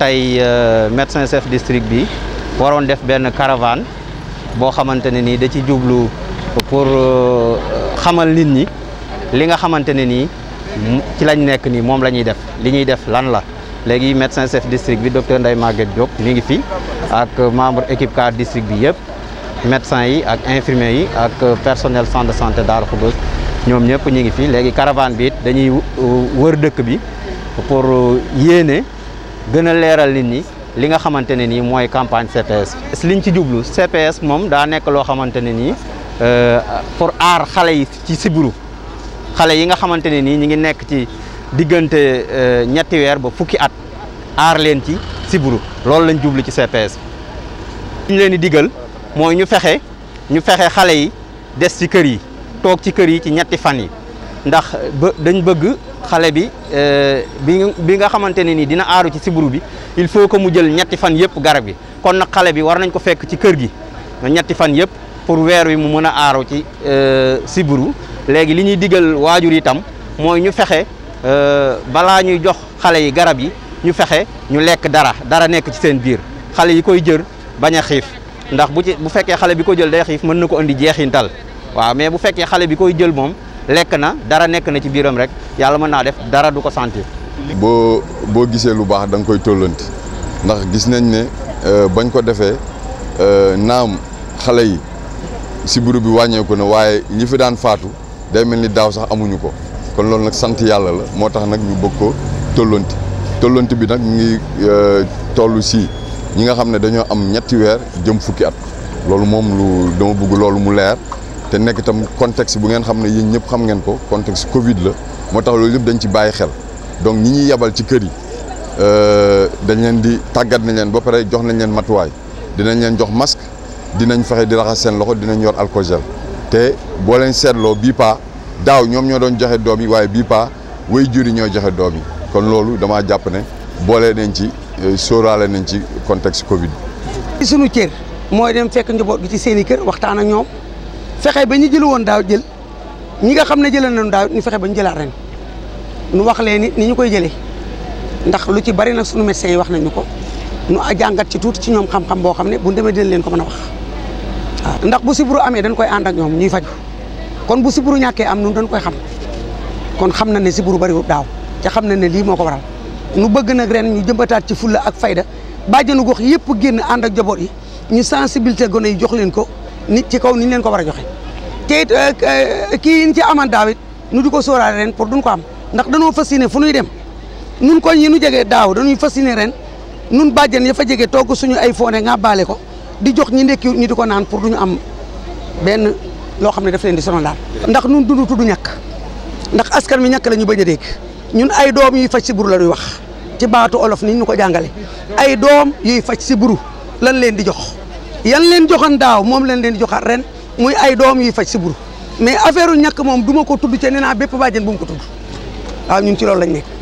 tey euh, médecin chef district bi waroon def benn caravane boo xamante ne nii da ci jublu pour euh, xamal nit ñi li nga xamante ne nii ci lañ nekk nii moom la ñuy def li ñuy def lan la léegi médecin chef district bi docteur Ndeye Maguette Diop mi ngi fi ak membre équipe cadre district bi yëpp médecin yi ak infirmier yi ak personnel centre de santé Darou Khoudoss ñoom ñëpp ñu ngi fi léegi caravane biit dañuy wër dëkk bi pour euh, yéene gën a leeral nit ñi li nga xamante ne nii mooy campagne CPS. liñ ci jublu CPS moom daa nekk loo xamante ne nii euh, pour aar xale yi ci sibiru xale yi nga xamante ne nii ñu ngi nekk ci diggante euh, ñetti weer ba fukki at aar leen ci sibru loolu lañ jublu ci CPS. ñu leen di digal mooy ñu fexe ñu fexe xale yi des ci kër yi toog ci kër yi ci ñetti fan yi ndax dañ bëgg. xale bi euh, bi nga xamante ne ni dina aaru ci siburu bi il faut que mu jël ñetti fan yëpp garab yi kon nag xale bi war nañ ko fekk ci kër gi ñetti fan yëpp pour weer wi mu mën a aaru ci euh, siburu léegi li ñuy digal waajur itam mooy ñu fexe euh, balaa ñuy jox xale yi garab yi ñu fexe ñu lekk dara dara nekk ci seen biir xale yi koy jër bañ a xiif ndax bu ci bu fekkee xale bi ko jël day xiif mën na ko indi jeexintal waaw mais bu fekkee xale bi koy jël moom lekk na dara nekk na ci biiram rek yàlla mën naa def dara du ko sentir. boo boo gisee lu baax da nga koy tollanti ndax gis nañ ne euh, bañ ko defee euh, naam xale yi si sibiru bi wàññeeku na waaye ñi fi daan faatu day mel ni daaw sax amuñu ko kon loolu nag sant yàlla la moo tax nag ñu bëgg ko tollanti tollanti bi nag ñu euh, ngi tollu si ñi nga xam ne dañoo am ñetti weer jëm fukki at loolu moom lu dama bëgg loolu mu leer. te nekk itam contexte bu ngeen xam ne yéen ñëpp xam ngeen ko contexte Covid la moo tax loolu yëpp dañ ci bàyyi xel donc ñi ñuy yebal ci kër yi euh, dañ leen di tàggat nañ leen ba pare jox nañ leen matuwaay dinañ leen jox masque dinañ fexe di raxas seen loxo dinañ yor alcool te boo leen seetloo bii paa daaw ñoom ñoo doon joxe doom yi waaye bii paa way jur yi joxe doom yi kon loolu damaa jàpp ne boole nañ ci euh, sóoraale nañ ci contexte Covid bi. suñu sunu cër mooy dem fekk njaboot gi ci seen i kër waxtaan ak ñoom. fexe ba ñu jël woon daaw jël ñi nga xam ne jëlee nañu daaw ñu fexe ba ñu jëlaat ren ñu wax leen ni ñu koy jëlee ndax lu ci bari nag sunu médecin yi wax ñu ko nu ñu jàngat ci tuuti ci ñoom xam-xam boo xam ne bu demee dinañ leen ko mën a wax waaw ndax bu siburu amee dañ koy ànd ak ñoom ñuy faju kon bu siburu ñàkkee am nun dañ koy xam kon xam na ne siburu bariwul daaw te xam na ne lii moo ko waral nu bëgg nag ren ñu jëmbataat ci fulla ak fayda bàjjenu gox yëpp génn ànd ak jaboot yi ñu sensibilité gone yi jox leen ko nit ci kaw niñ leen ko war a joxe te it euh, euh, kii yi ci aman daaw nu di ko sóoraale ren pour duñ ko am ndax dañoo fas yéene fu ñuy dem nun ko yi nu jegee daaw dañuy fas yéene ren nun bàjjen ya fa jegee togg suñu ay foone nga baale ko di jox ñi ndekki ñu di ko naan pour ñu am benn loo xam ne daf leen di sonal laal ndax nun dundu tudd ñàkk ndax askan mi ñàkk la ñu bañ a dégg ñun ay doom yuy faj si buru la ñuy wax ci baatu olof ni ñu ko jàngale ay doom yuy faj si buru lan leen di jox yan leen joxoon daaw moom leen leen joxaat ren muy ay doom yuy faj si buru mais affaire u ñàkk moom duma ma ko tudd ca nee naa bépp bàjjen bu mu ko tudd waaw ñun ci loolu lañ nekk